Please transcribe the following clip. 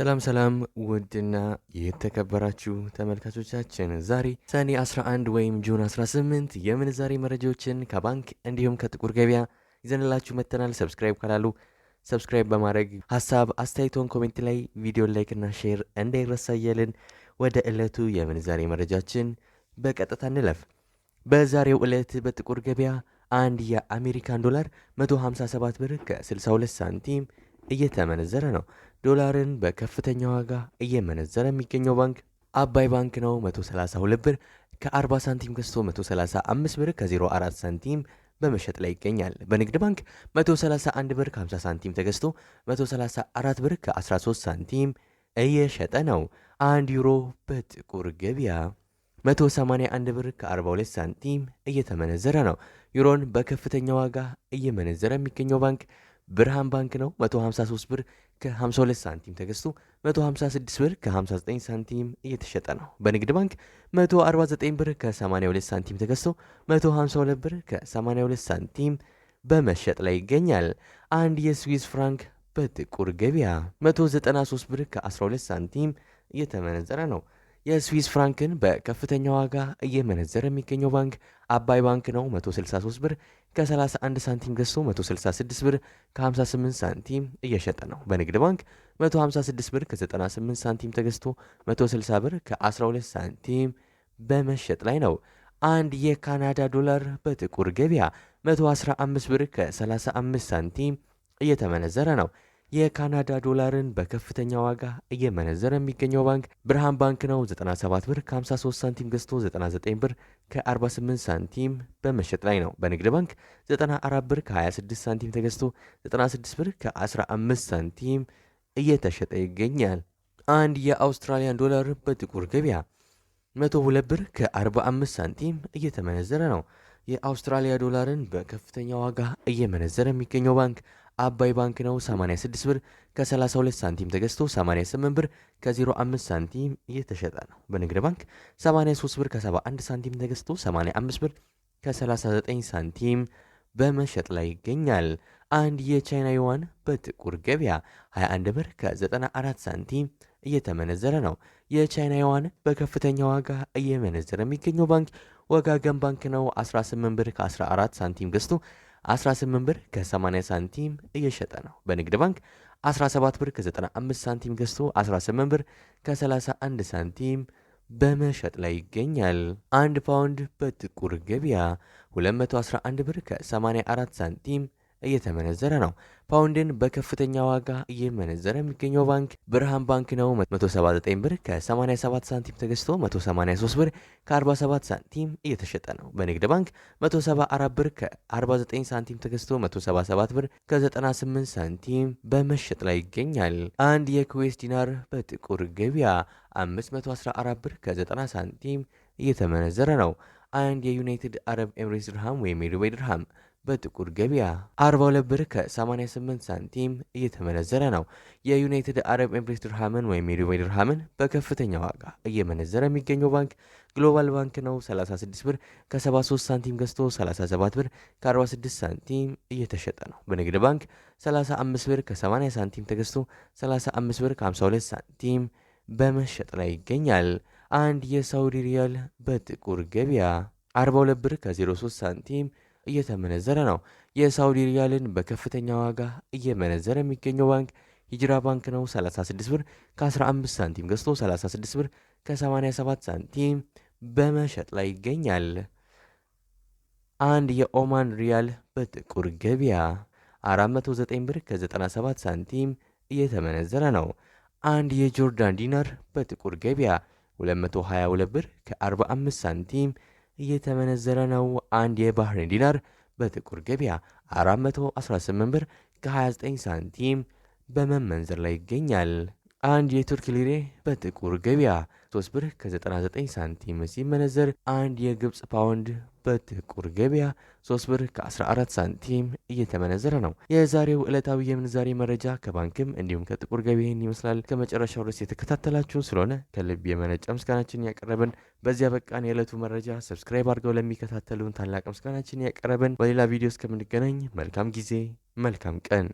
ሰላም ሰላም ውድና የተከበራችሁ ተመልካቾቻችን ዛሬ ሰኔ 11 ወይም ጁን 18 የምንዛሬ መረጃዎችን ከባንክ እንዲሁም ከጥቁር ገበያ ይዘንላችሁ መጥተናል። ሰብስክራይብ ካላሉ ሰብስክራይብ በማድረግ ሀሳብ አስተያየቶን ኮሜንት ላይ ቪዲዮ ላይክና ሼር እንዳይረሳ እያልን ወደ ዕለቱ የምንዛሬ መረጃችን በቀጥታ እንለፍ። በዛሬው ዕለት በጥቁር ገበያ አንድ የአሜሪካን ዶላር 157 ብር ከ62 ሳንቲም እየተመነዘረ ነው። ዶላርን በከፍተኛ ዋጋ እየመነዘረ የሚገኘው ባንክ አባይ ባንክ ነው። 132 ብር ከ40 ሳንቲም ገዝቶ 135 ብር ከ04 ሳንቲም በመሸጥ ላይ ይገኛል። በንግድ ባንክ 131 ብር ከ50 ሳንቲም ተገዝቶ 134 ብር ከ13 ሳንቲም እየሸጠ ነው። አንድ ዩሮ በጥቁር ገበያ 181 ብር ከ42 ሳንቲም እየተመነዘረ ነው። ዩሮን በከፍተኛ ዋጋ እየመነዘረ የሚገኘው ባንክ ብርሃን ባንክ ነው 153 ብር ከ52 ሳንቲም ተገዝቶ 156 ብር ከ59 ሳንቲም እየተሸጠ ነው። በንግድ ባንክ 149 ብር ከ82 ሳንቲም ተገዝቶ 152 ብር ከ82 ሳንቲም በመሸጥ ላይ ይገኛል። አንድ የስዊስ ፍራንክ በጥቁር ገበያ 193 ብር ከ12 ሳንቲም እየተመነዘረ ነው። የስዊስ ፍራንክን በከፍተኛ ዋጋ እየመነዘረ የሚገኘው ባንክ አባይ ባንክ ነው። 163 ብር ከ31 ሳንቲም ገዝቶ 166 ብር ከ58 ሳንቲም እየሸጠ ነው። በንግድ ባንክ 156 ብር ከ98 ሳንቲም ተገዝቶ 160 ብር ከ12 ሳንቲም በመሸጥ ላይ ነው። አንድ የካናዳ ዶላር በጥቁር ገበያ 115 ብር ከ35 ሳንቲም እየተመነዘረ ነው። የካናዳ ዶላርን በከፍተኛ ዋጋ እየመነዘረ የሚገኘው ባንክ ብርሃን ባንክ ነው። 97 ብር ከ53 ሳንቲም ገዝቶ 99 ብር ከ48 ሳንቲም በመሸጥ ላይ ነው። በንግድ ባንክ 94 ብር ከ26 ሳንቲም ተገዝቶ 96 ብር ከ15 ሳንቲም እየተሸጠ ይገኛል። አንድ የአውስትራሊያን ዶላር በጥቁር ገበያ 102 ብር ከ45 ሳንቲም እየተመነዘረ ነው። የአውስትራሊያ ዶላርን በከፍተኛ ዋጋ እየመነዘረ የሚገኘው ባንክ አባይ ባንክ ነው 86 ብር ከ32 ሳንቲም ተገዝቶ 88 ብር ከ05 ሳንቲም እየተሸጠ ነው። በንግድ ባንክ 83 ብር ከ71 ሳንቲም ተገዝቶ 85 ብር ከ39 ሳንቲም በመሸጥ ላይ ይገኛል። አንድ የቻይና ዩዋን በጥቁር ገበያ 21 ብር ከ94 ሳንቲም እየተመነዘረ ነው። የቻይና ዩዋን በከፍተኛ ዋጋ እየመነዘረ የሚገኘው ባንክ ወጋገን ባንክ ነው። 18 ብር ከ14 ሳንቲም ገዝቶ 18 ብር ከ80 ሳንቲም እየሸጠ ነው። በንግድ ባንክ 17 ብር ከ95 ሳንቲም ገዝቶ 18 ብር ከ31 ሳንቲም በመሸጥ ላይ ይገኛል። አንድ ፓውንድ በጥቁር ገበያ 211 ብር ከ84 ሳንቲም እየተመነዘረ ነው። ፓውንድን በከፍተኛ ዋጋ እየመነዘረ የሚገኘው ባንክ ብርሃን ባንክ ነው። 179 ብር ከ87 ሳንቲም ተገዝቶ 183 ብር ከ47 ሳንቲም እየተሸጠ ነው። በንግድ ባንክ 174 ብር ከ49 ሳንቲም ተገዝቶ 177 ብር ከ98 ሳንቲም በመሸጥ ላይ ይገኛል። አንድ የኩዌስ ዲናር በጥቁር ገበያ 514 ብር ከ90 ሳንቲም እየተመነዘረ ነው። አንድ የዩናይትድ አረብ ኤምሬትስ ድርሃም ወይም የዱባይ ድርሃም በጥቁር ገበያ 42 ብር ከ88 ሳንቲም እየተመነዘረ ነው። የዩናይትድ አረብ ኤምሬት ድርሃምን ወይም የዱባይ ድርሃምን በከፍተኛ ዋጋ እየመነዘረ የሚገኘው ባንክ ግሎባል ባንክ ነው። 36 ብር ከ73 ሳንቲም ገዝቶ 37 ብር ከ46 ሳንቲም እየተሸጠ ነው። በንግድ ባንክ 35 ብር ከ80 ሳንቲም ተገዝቶ 35 ብር ከ52 ሳንቲም በመሸጥ ላይ ይገኛል። አንድ የሳውዲ ሪያል በጥቁር ገበያ 42 ብር ከ03 ሳንቲም እየተመነዘረ ነው። የሳውዲ ሪያልን በከፍተኛ ዋጋ እየመነዘረ የሚገኘው ባንክ ሂጅራ ባንክ ነው። 36 ብር ከ15 ሳንቲም ገዝቶ 36 ብር ከ87 ሳንቲም በመሸጥ ላይ ይገኛል። አንድ የኦማን ሪያል በጥቁር ገበያ 409 ብር ከ97 ሳንቲም እየተመነዘረ ነው። አንድ የጆርዳን ዲናር በጥቁር ገበያ 222 ብር ከ45 ሳንቲም እየተመነዘረ ነው። አንድ የባህሬን ዲናር በጥቁር ገበያ 418 ብር ከ29 ሳንቲም በመመንዘር ላይ ይገኛል። አንድ የቱርክ ሊሬ በጥቁር ገበያ 3 ብር ከ99 ሳንቲም ሲመነዘር አንድ የግብፅ ፓውንድ በጥቁር ገበያ 3 ብር ከ14 ሳንቲም እየተመነዘረ ነው። የዛሬው ዕለታዊ የምንዛሬ መረጃ ከባንክም እንዲሁም ከጥቁር ገበያን ይመስላል። ከመጨረሻው ድረስ የተከታተላችሁን ስለሆነ ከልብ የመነጨ ምስጋናችን ያቀረብን። በዚያ በቃን። የዕለቱ መረጃ ሰብስክራይብ አድርገው ለሚከታተሉን ታላቅ ምስጋናችን ያቀረብን። በሌላ ቪዲዮ እስከምንገናኝ መልካም ጊዜ፣ መልካም ቀን